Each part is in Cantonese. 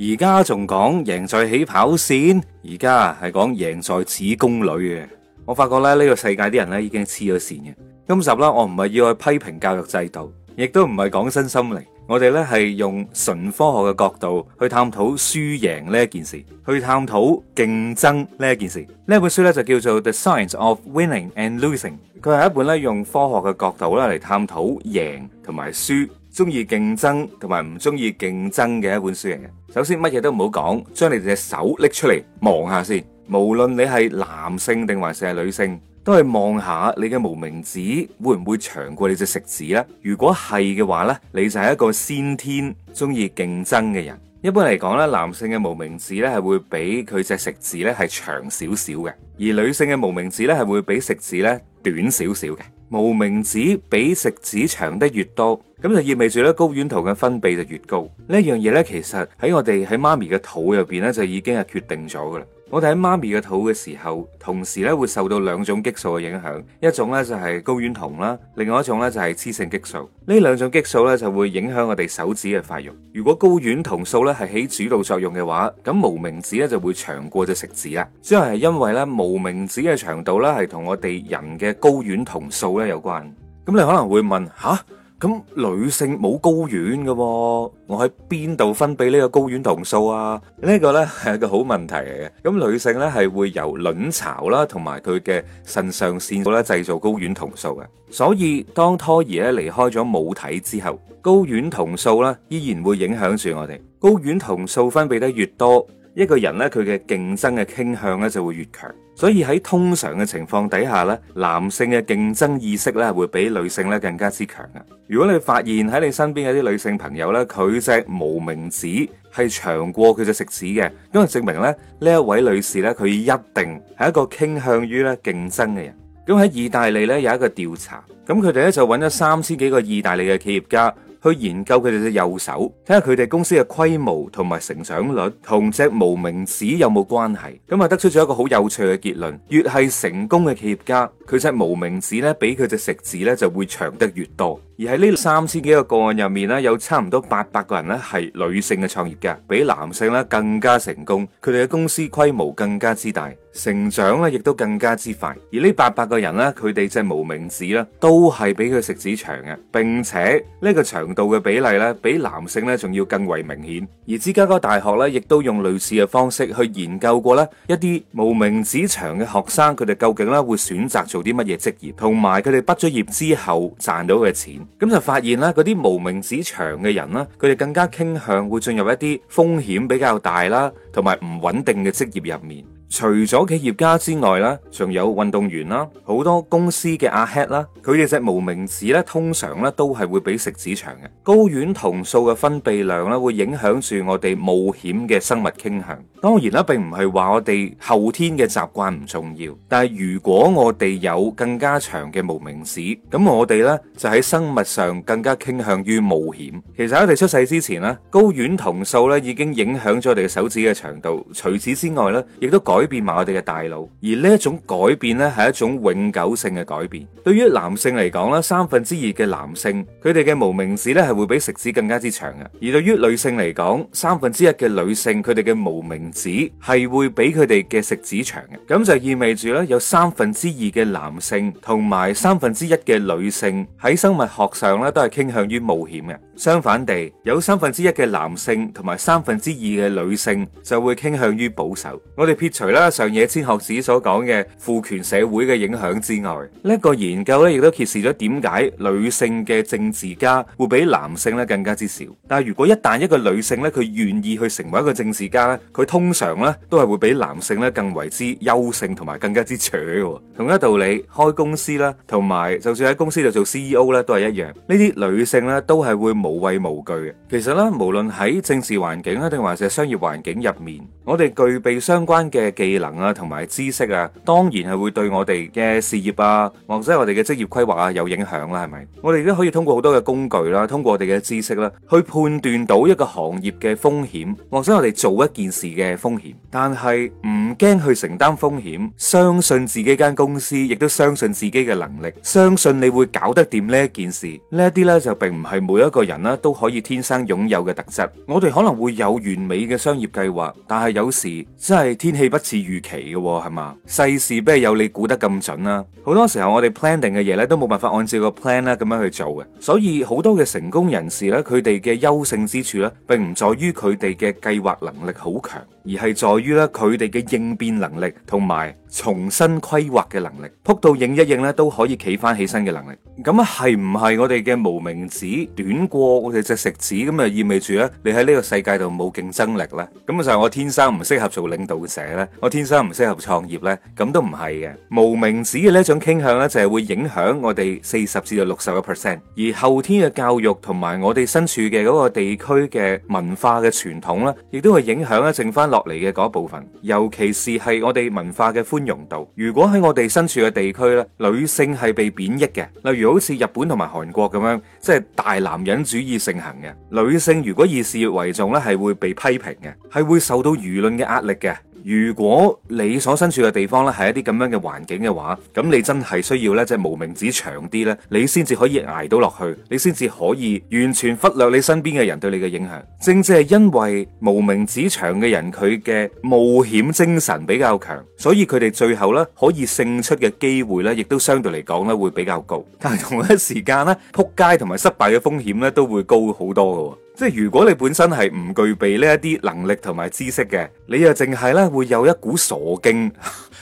而家仲講贏在起跑線，而家係講贏在子宮裏嘅。我發覺咧，呢個世界啲人咧已經黐咗線嘅。今集啦，我唔係要去批評教育制度，亦都唔係講新心靈。我哋咧係用純科學嘅角度去探討輸贏呢一件事，去探討競爭呢一件事。呢一本書咧就叫做《The Science of Winning and Losing》，佢係一本咧用科學嘅角度咧嚟探討贏同埋輸。中意競爭同埋唔中意競爭嘅一本書嚟嘅。首先，乜嘢都唔好講，將你隻手拎出嚟望下先。無論你係男性定還是係女性，都係望下你嘅無名指會唔會長過你隻食指咧？如果係嘅話咧，你就係一個先天中意競爭嘅人。一般嚟講咧，男性嘅無名指咧係會比佢隻食指咧係長少少嘅，而女性嘅無名指咧係會比食指咧短少少嘅。無名指比食指長得越多，咁就意味住咧睾丸酮嘅分泌就越高。呢樣嘢咧，其實喺我哋喺媽咪嘅肚入邊咧就已經係決定咗噶啦。我哋喺媽咪嘅肚嘅時候，同時咧會受到兩種激素嘅影響，一種咧就係睾丸酮啦，另外一種咧就係雌性激素。呢兩種激素咧就會影響我哋手指嘅發育。如果睾丸酮素咧係起主導作用嘅話，咁無名指咧就會長過隻食指啦。主要係因為咧無名指嘅長度咧係同我哋人嘅睾丸酮素咧有關。咁你可能會問吓？咁女性冇睾丸嘅，我喺邊度分泌呢個睾丸酮素啊？呢個呢係一個好問題嚟嘅。咁女性呢係會由卵巢啦，同埋佢嘅腎上腺素呢製造睾丸酮素嘅。所以當胎兒咧離開咗母體之後，睾丸酮素呢依然會影響住我哋。睾丸酮素分泌得越多，一個人呢，佢嘅競爭嘅傾向呢就會越強。所以喺通常嘅情況底下咧，男性嘅競爭意識咧會比女性咧更加之強啊！如果你發現喺你身邊嗰啲女性朋友咧，佢隻無名指係長過佢隻食指嘅，咁就證明咧呢一位女士咧，佢一定係一個傾向於咧競爭嘅人。咁喺意大利咧有一個調查，咁佢哋咧就揾咗三千幾個意大利嘅企業家。去研究佢哋嘅右手，睇下佢哋公司嘅規模同埋成長率同隻無名指有冇關係，咁啊得出咗一個好有趣嘅結論，越係成功嘅企業家，佢隻無名指咧比佢隻食指咧就會長得越多。而喺呢三千幾個個案入面呢，有差唔多八百個人咧，係女性嘅創業嘅，比男性咧更加成功，佢哋嘅公司規模更加之大，成長咧亦都更加之快。而呢八百個人呢，佢哋就無名指呢都係比佢食指長嘅，並且呢個長度嘅比例呢，比男性咧仲要更為明顯。而芝加哥大學呢，亦都用類似嘅方式去研究過呢一啲無名指長嘅學生，佢哋究竟咧會選擇做啲乜嘢職業，同埋佢哋畢咗業之後賺到嘅錢。咁就發現啦，嗰啲無名指長嘅人啦，佢哋更加傾向會進入一啲風險比較大啦，同埋唔穩定嘅職業入面。除咗企業家之外啦，仲有運動員啦，好多公司嘅阿 head 啦，佢哋隻無名指咧，通常咧都係會比食指長嘅。睾丸酮素嘅分泌量咧，會影響住我哋冒險嘅生物傾向。當然啦，並唔係話我哋後天嘅習慣唔重要，但係如果我哋有更加長嘅無名指，咁我哋咧就喺生物上更加傾向於冒險。其實我哋出世之前咧，睾丸酮素咧已經影響咗我哋嘅手指嘅長度。除此之外咧，亦都改改變埋我哋嘅大腦，而呢一種改變咧係一種永久性嘅改變。對於男性嚟講咧，三分之二嘅男性佢哋嘅無名指咧係會比食指更加之長嘅；而對於女性嚟講，三分之一嘅女性佢哋嘅無名指係會比佢哋嘅食指長嘅。咁就意味住咧，有三分之二嘅男性同埋三分之一嘅女性喺生物學上咧都係傾向於冒險嘅。相反地，有三分之一嘅男性同埋三分之二嘅女性就會傾向於保守。我哋撇除啦上野千鶴子所講嘅父權社會嘅影響之外，呢一個研究咧亦都揭示咗點解女性嘅政治家會比男性咧更加之少。但係如果一旦一個女性咧佢願意去成為一個政治家咧，佢通常咧都係會比男性咧更為之優勝同埋更加之扯。同一道理，開公司啦，同埋就算喺公司度做 CEO 咧都係一樣。呢啲女性咧都係會無。無畏無懼嘅，其實咧，無論喺政治環境啦，定還是係商業環境入面，我哋具備相關嘅技能啊，同埋知識啊，當然係會對我哋嘅事業啊，或者我哋嘅職業規劃啊有影響啦，係咪？我哋都可以通過好多嘅工具啦，通過我哋嘅知識啦，去判斷到一個行業嘅風險，或者我哋做一件事嘅風險。但係唔驚去承擔風險，相信自己間公司，亦都相信自己嘅能力，相信你會搞得掂呢一件事。呢一啲咧，就並唔係每一個人，都可以天生擁有嘅特質，我哋可能會有完美嘅商業計劃，但係有時真係天氣不似預期嘅係嘛，世事不係有你估得咁準啦。好多時候我哋 planning 嘅嘢咧都冇辦法按照個 plan 咧咁樣去做嘅，所以好多嘅成功人士咧，佢哋嘅優勝之處咧，並唔在於佢哋嘅計劃能力好強，而係在於咧佢哋嘅應變能力同埋。重新規劃嘅能力，扑到影一影咧都可以企翻起身嘅能力。咁啊係唔係我哋嘅無名指短過我哋隻食指咁啊，意味住咧你喺呢個世界度冇競爭力呢？咁就係我天生唔適合做領導者呢，我天生唔適合創業呢。咁都唔係嘅。無名指嘅呢一種傾向呢，就係會影響我哋四十至到六十個 percent，而後天嘅教育同埋我哋身處嘅嗰個地區嘅文化嘅傳統呢，亦都會影響咧剩翻落嚟嘅嗰一部分。尤其是係我哋文化嘅。寬容度。如果喺我哋身處嘅地區咧，女性係被貶抑嘅，例如好似日本同埋韓國咁樣，即係大男人主義盛行嘅。女性如果以事業為重咧，係會被批評嘅，係會受到輿論嘅壓力嘅。如果你所身處嘅地方咧係一啲咁樣嘅環境嘅話，咁你真係需要咧即係無名指長啲咧，你先至可以捱到落去，你先至可以完全忽略你身邊嘅人對你嘅影響。正正係因為無名指長嘅人佢嘅冒險精神比較強，所以佢哋最後咧可以勝出嘅機會咧亦都相對嚟講咧會比較高。但係同一時間呢，撲街同埋失敗嘅風險咧都會高好多㗎。即係如果你本身係唔具備呢一啲能力同埋知識嘅，你又淨係咧。會有一股傻勁，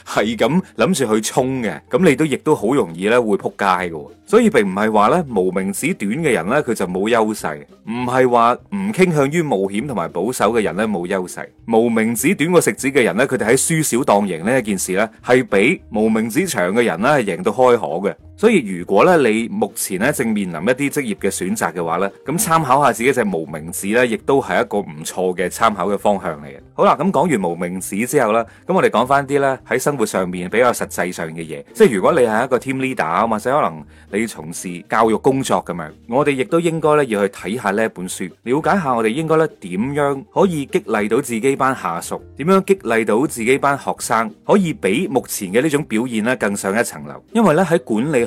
係咁諗住去衝嘅，咁你都亦都好容易咧會撲街嘅，所以並唔係話咧無名指短嘅人咧佢就冇優勢，唔係話唔傾向於冒險同埋保守嘅人咧冇優勢，無名指短過食指嘅人咧佢哋喺輸少當贏呢一件事咧係比無名指長嘅人咧係贏到開河嘅。所以如果咧你目前咧正面臨一啲職業嘅選擇嘅話咧，咁參考下自己隻無名指咧，亦都係一個唔錯嘅參考嘅方向嚟嘅。好啦，咁講完無名指之後咧，咁我哋講翻啲咧喺生活上面比較實際上嘅嘢，即係如果你係一個 team leader，或者可能你從事教育工作咁樣，我哋亦都應該咧要去睇下呢一本書，了解下我哋應該咧點樣可以激勵到自己班下屬，點樣激勵到自己班學生，可以比目前嘅呢種表現咧更上一層樓。因為咧喺管理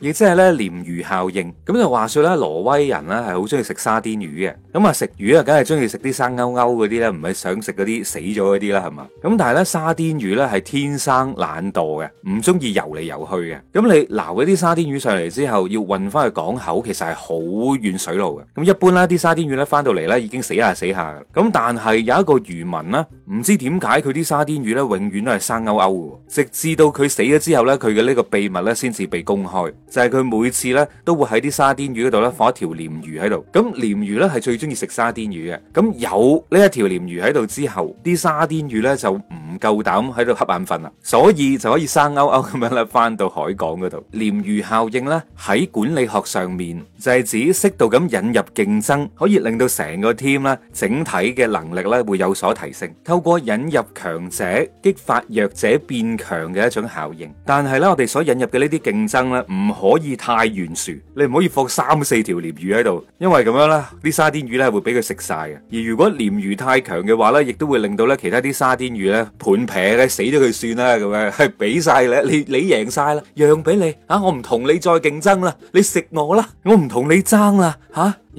亦即係咧鯰魚效應，咁就話説咧，挪威人咧係好中意食沙甸魚嘅，咁啊食魚啊，梗係中意食啲生勾勾嗰啲咧，唔係想食嗰啲死咗嗰啲啦，係嘛？咁但係咧，沙甸魚咧係天生懶惰嘅，唔中意游嚟游去嘅。咁你撈嗰啲沙甸魚上嚟之後，要運翻去港口，其實係好遠水路嘅。咁一般咧，啲沙甸魚咧翻到嚟咧已經死下死下嘅。咁但係有一個漁民咧，唔知點解佢啲沙甸魚咧永遠都係生勾勾嘅，直至到佢死咗之後咧，佢嘅呢個秘密咧先至被公開。就係佢每次咧都會喺啲沙甸魚嗰度咧放一條鯰魚喺度，咁鯰魚咧係最中意食沙甸魚嘅，咁有呢一條鯰魚喺度之後，啲沙甸魚咧就唔夠膽喺度瞌眼瞓啦，所以就可以生勾勾咁樣咧返到海港嗰度。鯰魚效應咧喺管理學上面就係指適度咁引入競爭，可以令到成個 team 咧整體嘅能力咧會有所提升，透過引入強者激發弱者變強嘅一種效應。但係咧我哋所引入嘅呢啲競爭咧唔可以太懸殊，你唔可以放三四條鯰魚喺度，因為咁樣啦，啲沙甸魚咧會俾佢食晒嘅。而如果鯰魚太強嘅話呢，亦都會令到咧其他啲沙甸魚呢盤劈咧死咗佢算啦，咁樣係俾晒你，你你贏晒啦，讓俾你，啊我唔同你再競爭啦，你食我啦，我唔同你爭啦，吓、啊。咁實驗嘅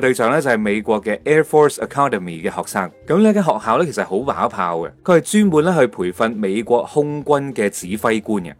對象咧就係美國嘅 Air Force Academy 嘅學生，咁呢間學校咧其實好把炮嘅，佢係專門咧去培訓美國空軍嘅指揮官嘅。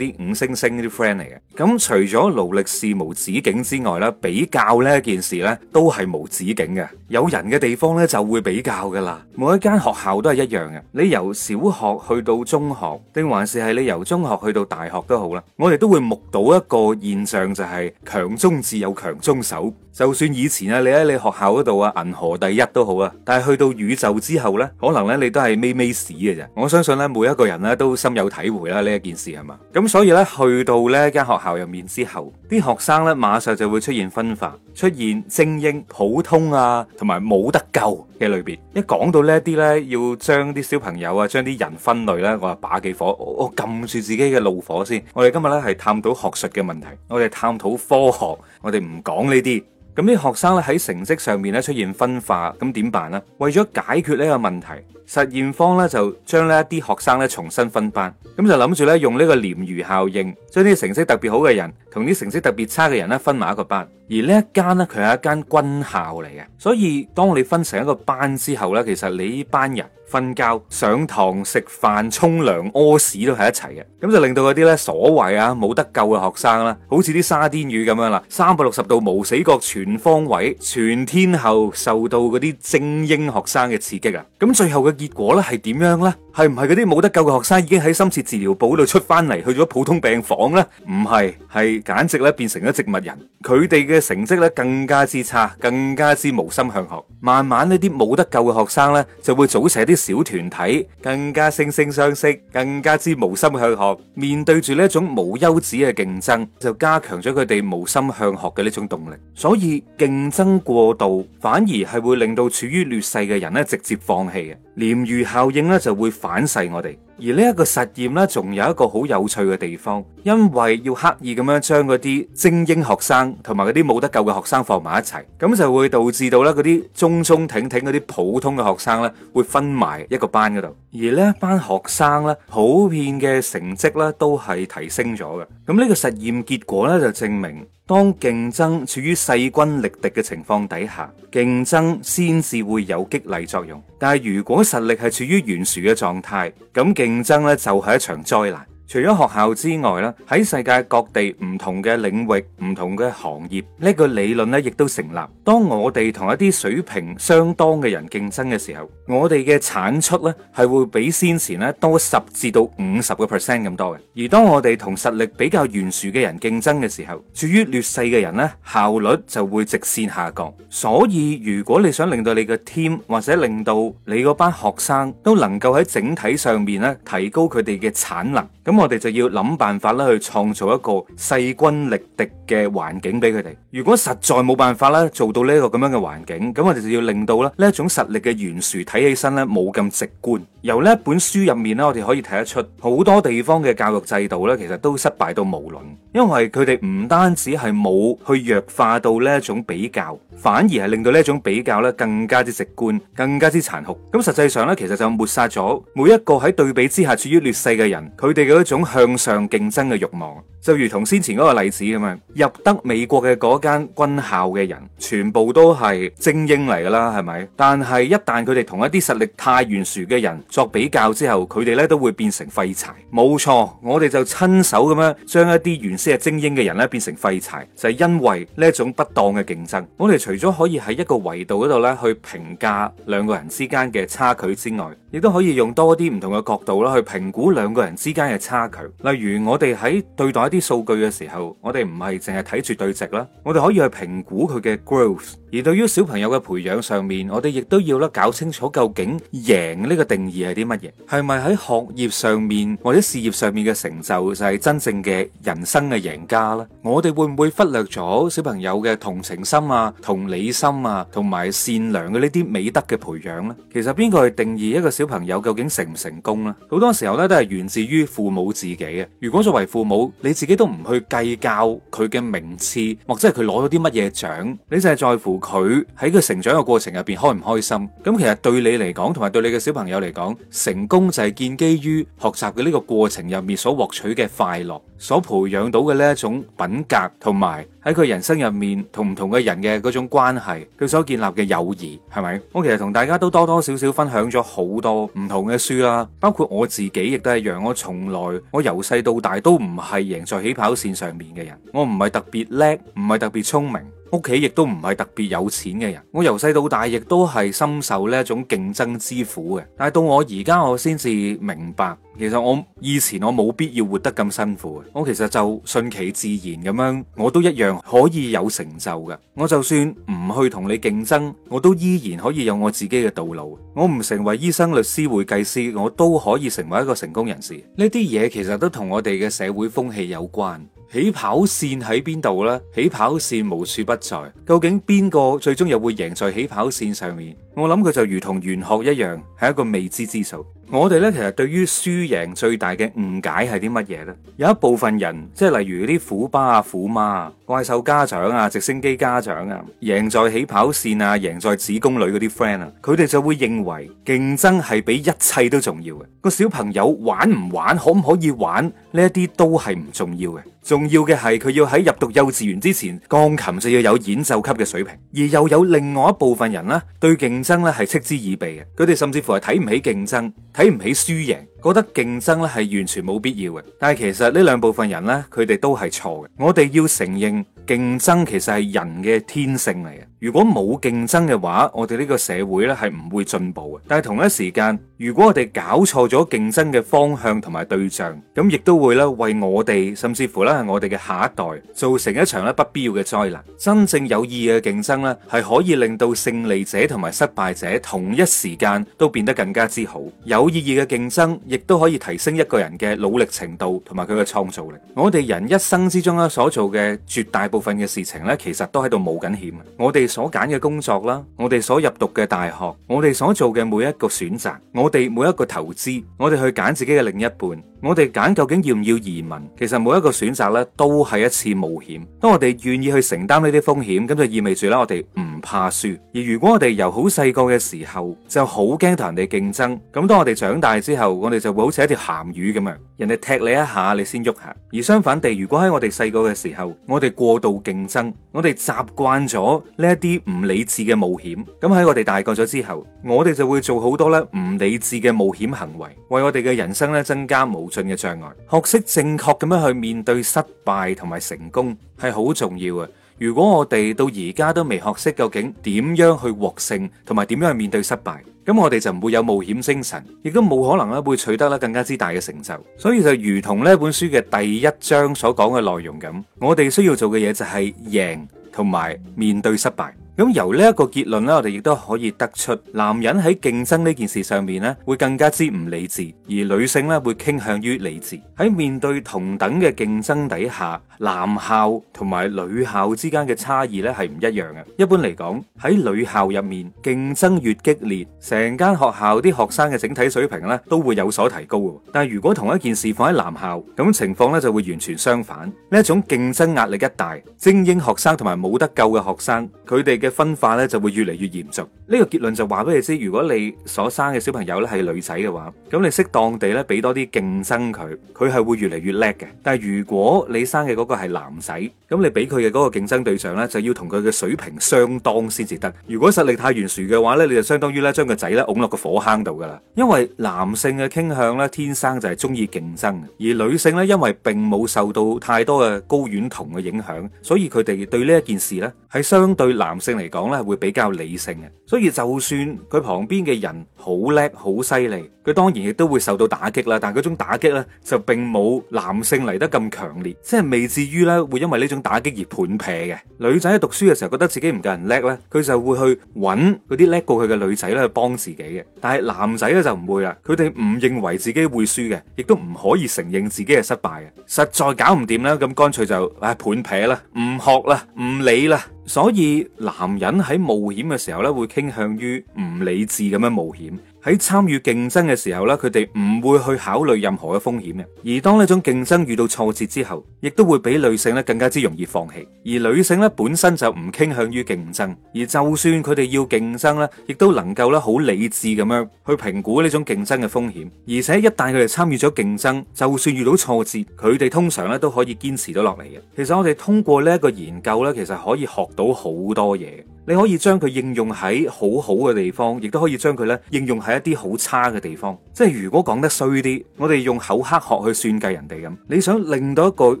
啲五星星啲 friend 嚟嘅。咁除咗努力是無止境之外咧，比較呢件事呢都係無止境嘅。有人嘅地方呢就會比較噶啦，每一間學校都係一樣嘅。你由小學去到中學，定還是係你由中學去到大學都好啦，我哋都會目睹一個現象，就係、是、強中自有強中手。就算以前啊，你喺你學校嗰度啊，銀河第一都好啊，但係去到宇宙之後呢，可能呢你都係咪咪屎嘅啫。我相信呢，每一個人呢都深有體會啦，呢一件事係嘛。咁所以呢，去到呢間學校入面之後，啲學生呢馬上就會出現分化，出現精英、普通啊，同埋冇得救嘅類別。一講到呢啲呢，要將啲小朋友啊，將啲人分類呢，我話把幾火，我撳住自己嘅怒火先。我哋今日呢係探討學術嘅問題，我哋探討科學，我哋唔講呢啲。咁啲學生咧喺成績上面咧出現分化，咁點辦咧？為咗解決呢個問題，實驗方咧就將呢一啲學生咧重新分班，咁就諗住咧用呢個鯰魚效應，將啲成績特別好嘅人同啲成績特別差嘅人咧分埋一個班。而呢一間呢，佢係一間軍校嚟嘅，所以當你分成一個班之後呢，其實你班人瞓覺、上堂、食飯、沖涼、屙屎都係一齊嘅，咁就令到嗰啲呢所謂啊冇得救嘅學生啦，好似啲沙甸魚咁樣啦，三百六十度無死角全方位全天候受到嗰啲精英學生嘅刺激啊！咁最後嘅結果呢係點樣呢？係唔係嗰啲冇得救嘅學生已經喺深切治療部度出翻嚟，去咗普通病房呢？唔係，係簡直咧變成咗植物人。佢哋嘅成績咧更加之差，更加之無心向學。慢慢呢啲冇得救嘅學生咧就會組成一啲小團體，更加惺惺相惜，更加之無心向學。面對住呢一種無休止嘅競爭，就加強咗佢哋無心向學嘅呢種動力。所以競爭過度反而係會令到處於劣勢嘅人咧直接放棄嘅。鯰魚效應咧就會反噬我哋，而呢一個實驗咧，仲有一個好有趣嘅地方，因為要刻意咁樣將嗰啲精英學生同埋嗰啲冇得救嘅學生放埋一齊，咁就會導致到呢嗰啲中中挺挺嗰啲普通嘅學生呢會分埋一個班嗰度，而呢班學生呢，普遍嘅成績呢都係提升咗嘅，咁呢個實驗結果呢，就證明。當競爭處於勢均力敵嘅情況底下，競爭先至會有激勵作用。但如果實力係處於懸殊嘅狀態，咁競爭呢就係一場災難。除咗學校之外咧，喺世界各地唔同嘅領域、唔同嘅行業，呢個理論咧亦都成立。當我哋同一啲水平相當嘅人競爭嘅時候，我哋嘅產出咧係會比先前咧多十至到五十個 percent 咁多嘅。而當我哋同實力比較懸殊嘅人競爭嘅時候，處於劣勢嘅人咧效率就會直線下降。所以如果你想令到你嘅 team 或者令到你嗰班學生都能夠喺整體上面咧提高佢哋嘅產能，咁。我哋就要諗辦法啦，去創造一個勢均力敵嘅環境俾佢哋。如果實在冇辦法啦，做到呢一個咁樣嘅環境，咁我哋就要令到咧呢一種實力嘅懸殊睇起身咧冇咁直觀。由呢一本書入面咧，我哋可以睇得出好多地方嘅教育制度咧，其實都失敗到無倫。因為佢哋唔單止係冇去弱化到呢一種比較，反而係令到呢一種比較咧更加之直觀，更加之殘酷。咁實際上咧，其實就抹殺咗每一個喺對比之下處於劣勢嘅人，佢哋嘅種向上競爭嘅欲望。就如同先前嗰個例子咁樣，入得美國嘅嗰間軍校嘅人，全部都係精英嚟噶啦，係咪？但係一旦佢哋同一啲實力太懸殊嘅人作比較之後，佢哋咧都會變成廢柴。冇錯，我哋就親手咁樣將一啲原先係精英嘅人咧變成廢柴，就係因為呢一種不當嘅競爭。我哋除咗可以喺一個維度嗰度咧去評價兩個人之間嘅差距之外，亦都可以用多啲唔同嘅角度啦去評估兩個人之間嘅差距。例如我哋喺對待啲數據嘅時候，我哋唔係淨係睇住對值啦，我哋可以去評估佢嘅 growth。而對於小朋友嘅培養上面，我哋亦都要咧搞清楚究竟贏呢個定義係啲乜嘢？係咪喺學業上面或者事業上面嘅成就就係真正嘅人生嘅贏家咧？我哋會唔會忽略咗小朋友嘅同情心啊、同理心啊、同埋善良嘅呢啲美德嘅培養呢？其實邊個去定義一個小朋友究竟成唔成功呢？好多時候咧都係源自於父母自己嘅。如果作為父母，你自己都唔去計較佢嘅名次，或者係佢攞咗啲乜嘢獎，你就係在乎。佢喺佢成長嘅過程入邊開唔開心？咁其實對你嚟講，同埋對你嘅小朋友嚟講，成功就係建基於學習嘅呢個過程入面所獲取嘅快樂，所培養到嘅呢一種品格，同埋喺佢人生入面同唔同嘅人嘅嗰種關係，佢所建立嘅友誼，係咪？我其實同大家都多多少少分享咗好多唔同嘅書啦，包括我自己亦都係讓我從來，我由細到大都唔係贏在起跑線上面嘅人，我唔係特別叻，唔係特別聰明。屋企亦都唔係特別有錢嘅人，我由細到大亦都係深受呢一種競爭之苦嘅。但係到我而家，我先至明白，其實我以前我冇必要活得咁辛苦。我其實就順其自然咁樣，我都一樣可以有成就嘅。我就算唔去同你競爭，我都依然可以有我自己嘅道路。我唔成為醫生、律師、會計師，我都可以成為一個成功人士。呢啲嘢其實都同我哋嘅社會風氣有關。起跑線喺邊度呢？起跑線無處不在。究竟邊個最終又會贏在起跑線上面？我諗佢就如同玄學一樣，係一個未知之數。我哋呢，其實對於輸贏最大嘅誤解係啲乜嘢呢？有一部分人即係例如啲虎爸啊、虎媽啊、怪獸家長啊、直升機家長啊，贏在起跑線啊、贏在子宮裏嗰啲 friend 啊，佢哋就會認為競爭係比一切都重要嘅。個小朋友玩唔玩，可唔可以玩？呢一啲都係唔重要嘅，重要嘅係佢要喺入讀幼稚園之前，鋼琴就要有演奏級嘅水平，而又有另外一部分人呢，對競爭呢係嗤之以鼻嘅，佢哋甚至乎係睇唔起競爭，睇唔起輸贏，覺得競爭呢係完全冇必要嘅。但係其實呢兩部分人呢，佢哋都係錯嘅，我哋要承認。競爭其實係人嘅天性嚟嘅，如果冇競爭嘅話，我哋呢個社會呢係唔會進步嘅。但係同一時間，如果我哋搞錯咗競爭嘅方向同埋對象，咁亦都會咧為我哋，甚至乎咧係我哋嘅下一代造成一場咧不必要嘅災難。真正有意義嘅競爭呢，係可以令到勝利者同埋失敗者同一時間都變得更加之好。有意義嘅競爭亦都可以提升一個人嘅努力程度同埋佢嘅創造力。我哋人一生之中咧所做嘅絕大部分。部分嘅事情呢，其實都喺度冒緊險。我哋所揀嘅工作啦，我哋所入讀嘅大學，我哋所做嘅每一個選擇，我哋每一個投資，我哋去揀自己嘅另一半，我哋揀究竟要唔要移民，其實每一個選擇呢，都係一次冒險。當我哋願意去承擔呢啲風險，咁就意味住咧，我哋唔。怕輸，而如果我哋由好細個嘅時候就好驚同人哋競爭，咁當我哋長大之後，我哋就會好似一條鹹魚咁樣，人哋踢你一下，你先喐下。而相反地，如果喺我哋細個嘅時候，我哋過度競爭，我哋習慣咗呢一啲唔理智嘅冒險，咁喺我哋大個咗之後，我哋就會做好多咧唔理智嘅冒險行為，為我哋嘅人生咧增加無盡嘅障礙。學識正確咁樣去面對失敗同埋成功，係好重要嘅。如果我哋到而家都未學識究竟點樣去獲勝，同埋點樣去面對失敗，咁我哋就唔會有冒險精神，亦都冇可能咧，會取得咧更加之大嘅成就。所以就如同呢本書嘅第一章所講嘅內容咁，我哋需要做嘅嘢就係贏同埋面對失敗。咁由呢一個結論啦，我哋亦都可以得出，男人喺競爭呢件事上面咧，會更加之唔理智，而女性咧會傾向於理智。喺面對同等嘅競爭底下，男校同埋女校之間嘅差異咧係唔一樣嘅。一般嚟講，喺女校入面，競爭越激烈，成間學校啲學生嘅整體水平咧都會有所提高。但係如果同一件事放喺男校，咁情況咧就會完全相反。呢一種競爭壓力一大，精英學生同埋冇得救嘅學生，佢哋嘅分化咧就會越嚟越嚴重。呢、這個結論就話俾你知，如果你所生嘅小朋友咧係女仔嘅話，咁你適當地咧俾多啲競爭佢，佢係會越嚟越叻嘅。但係如果你生嘅嗰個係男仔，咁你俾佢嘅嗰個競爭對象咧就要同佢嘅水平相當先至得。如果實力太懸殊嘅話咧，你就相當於咧將個仔咧拱落個火坑度噶啦。因為男性嘅傾向咧天生就係中意競爭，而女性咧因為並冇受到太多嘅睾丸酮嘅影響，所以佢哋對呢一件事咧，係相對男性嚟講呢，會比較理性嘅，所以就算佢旁邊嘅人好叻好犀利，佢當然亦都會受到打擊啦。但嗰種打擊呢，就並冇男性嚟得咁強烈，即係未至於呢會因為呢種打擊而叛撇嘅。女仔喺讀書嘅時候覺得自己唔夠人叻呢，佢就會去揾嗰啲叻過佢嘅女仔呢去幫自己嘅。但係男仔呢，就唔會啦，佢哋唔認為自己會輸嘅，亦都唔可以承認自己係失敗嘅。實在搞唔掂啦，咁乾脆就唉叛撇啦，唔學啦，唔理啦。所以男人喺冒險嘅時候咧，會傾向於唔理智咁樣冒險。喺參與競爭嘅時候咧，佢哋唔會去考慮任何嘅風險嘅。而當呢種競爭遇到挫折之後，亦都會比女性咧更加之容易放棄。而女性咧本身就唔傾向於競爭，而就算佢哋要競爭咧，亦都能夠咧好理智咁樣去評估呢種競爭嘅風險。而且一旦佢哋參與咗競爭，就算遇到挫折，佢哋通常咧都可以堅持到落嚟嘅。其實我哋通過呢一個研究咧，其實可以學到好多嘢。你可以將佢應用喺好好嘅地方，亦都可以將佢咧應用喺一啲好差嘅地方。即係如果講得衰啲，我哋用厚黑學去算計人哋咁，你想令到一個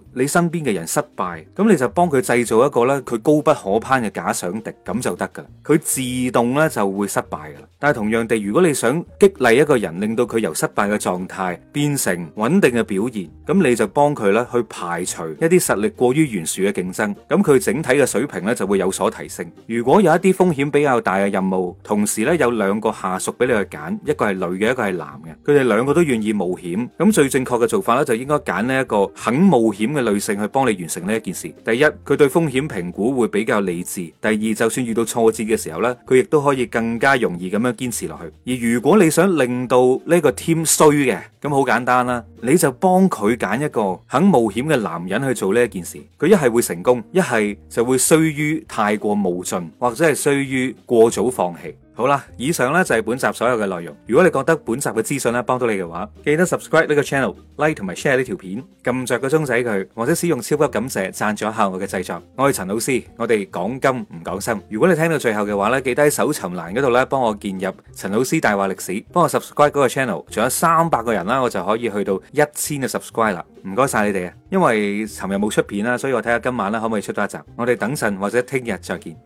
你身邊嘅人失敗，咁你就幫佢製造一個咧佢高不可攀嘅假想敵，咁就得噶啦。佢自動咧就會失敗噶啦。但係同樣地，如果你想激勵一個人，令到佢由失敗嘅狀態變成穩定嘅表現，咁你就幫佢咧去排除一啲實力過於懸殊嘅競爭，咁佢整體嘅水平咧就會有所提升。如果有一啲風險比較大嘅任務，同時咧有兩個下屬俾你去揀，一個係女嘅，一個係男嘅。佢哋兩個都願意冒險，咁最正確嘅做法咧，就應該揀呢一個肯冒險嘅女性去幫你完成呢一件事。第一，佢對風險評估會比較理智；第二，就算遇到挫折嘅時候咧，佢亦都可以更加容易咁樣堅持落去。而如果你想令到呢個 team 衰嘅，咁好簡單啦，你就幫佢揀一個肯冒險嘅男人去做呢一件事。佢一係會成功，一係就會衰於太過冒進。或者係需於過早放棄。好啦，以上呢就係、是、本集所有嘅內容。如果你覺得本集嘅資訊咧幫到你嘅話，記得 subscribe 呢個 channel，like 同埋 share 呢條片，撳着個鐘仔佢，或者使用超級感謝贊助一下我嘅製作。我係陳老師，我哋講金唔講心。如果你聽到最後嘅話咧，記得喺搜尋欄嗰度呢幫我建入陳老師大話歷史，幫我 subscribe 嗰個 channel。仲有三百個人啦，我就可以去到一千嘅 subscribe 啦。唔該晒你哋啊，因為尋日冇出片啦，所以我睇下今晚咧可唔可以出多一集。我哋等陣或者聽日再見。